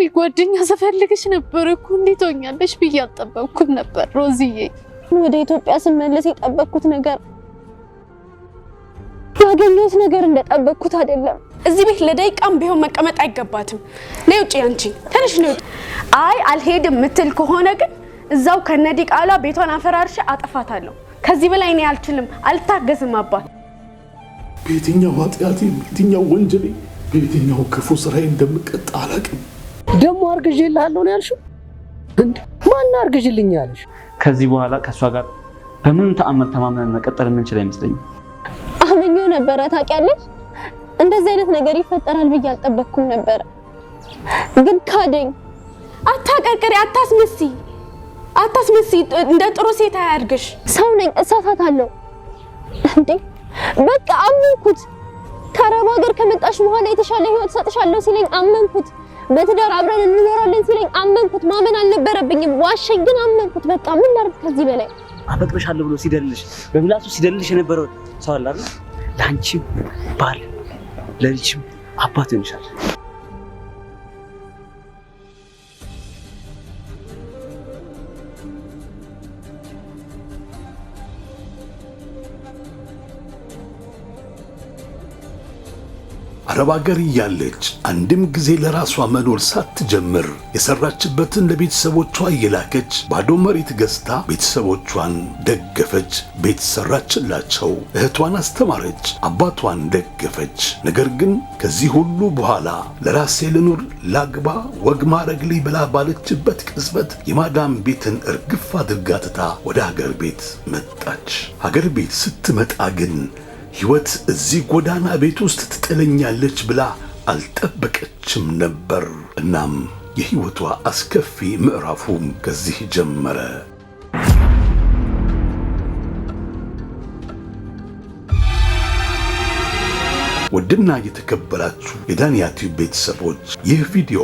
እኔ ጓደኛ ስፈልግሽ ነበር እኮ እንዴት ሆኛለሽ ብዬ አልጠበቅኩም ነበር ሮዝዬ። ወደ ኢትዮጵያ ስመለስ የጠበቅኩት ነገር ያገኘሁት ነገር እንደጠበቅኩት አይደለም። እዚህ ቤት ለደቂቃም ቢሆን መቀመጥ አይገባትም። ነይ ውጪ፣ አንቺ ትንሽ ነው። አይ አልሄድም ምትል ከሆነ ግን እዛው ከነዲ ቃሏ ቤቷን አፈራርሽ አጠፋታለሁ። ከዚህ በላይ እኔ አልችልም፣ አልታገዝም። አባት በየትኛው ኃጢአቴ፣ በየትኛው ወንጀሌ፣ በየትኛው ክፉ ስራዬ እንደምቀጣ አላውቅም። አርግዤልሃለሁ ነው ያልሽው? ማን አርግዤልኝ ያለሽ? ከዚህ በኋላ ከእሷ ጋር በምንም ተአምር ተማምነን መቀጠል የምንችል አይመስለኝም። አመኘው ነበረ ታውቂያለሽ። እንደዚህ አይነት ነገር ይፈጠራል ብዬ አልጠበቅኩም ነበረ፣ ግን ካደኝ። አታቀርቅሪ፣ አታስመሲ፣ አታስመሲ። እንደ ጥሩ ሴት አያድርግሽ። ሰው ነኝ፣ እሳሳታለሁ። እንዴ በቃ አመንኩት። ከአረብ ሀገር ከመጣሽ በኋላ የተሻለ ህይወት ሰጥሻለሁ ሲለኝ አመንኩት። በትዳር አብረን እንኖራለን ሲለኝ አመንኩት። ማመን አልነበረብኝም። ዋሸኝ፣ ግን አመንኩት። በቃ ምን ላድርግ ከዚህ በላይ አፈቅርሻለሁ ብሎ ሲደልሽ በምላሱ ሲደልሽ የነበረው ሰው አለ አይደል? ለአንቺም ባል ለልጅም አባት ይሆንሻል። አረብ አገር እያለች አንድም ጊዜ ለራሷ መኖር ሳትጀምር የሰራችበትን ለቤተሰቦቿ እየላከች ባዶ መሬት ገዝታ ቤተሰቦቿን ደገፈች፣ ቤት ሰራችላቸው፣ እህቷን አስተማረች፣ አባቷን ደገፈች። ነገር ግን ከዚህ ሁሉ በኋላ ለራሴ ልኑር፣ ላግባ፣ ወግ ማረግ ልይ ብላ ባለችበት ቅጽበት የማዳም ቤትን እርግፍ አድርጋ ትታ ወደ ሀገር ቤት መጣች። ሀገር ቤት ስትመጣ ግን ሕይወት እዚህ ጎዳና ቤት ውስጥ ትጥለኛለች ብላ አልጠበቀችም ነበር። እናም የሕይወቷ አስከፊ ምዕራፉም ከዚህ ጀመረ። ውድና የተከበራችሁ የዳንያቲው ቤተሰቦች ይህ ቪዲዮ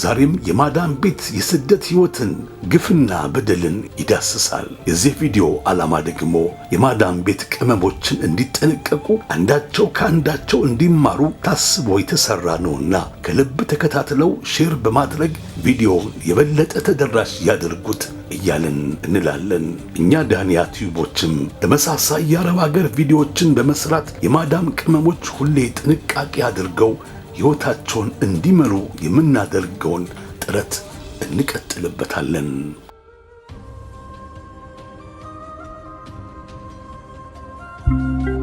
ዛሬም የማዳን ቤት የስደት ሕይወትን ግፍና በደልን ይዳስሳል። የዚህ ቪዲዮ ዓላማ ደግሞ የማዳን ቤት ቅመሞችን እንዲጠነቀቁ አንዳቸው ከአንዳቸው እንዲማሩ ታስቦ የተሰራ ነውና ከልብ ተከታትለው ሼር በማድረግ ቪዲዮውን የበለጠ ተደራሽ ያደርጉት እያለን እንላለን። እኛ ዳንያ ቲዩቦችም ተመሳሳይ የአረብ አገር ቪዲዮዎችን በመስራት የማዳም ቅመሞች ሁሌ ጥንቃቄ አድርገው ሕይወታቸውን እንዲመሩ የምናደርገውን ጥረት እንቀጥልበታለን። Thank you.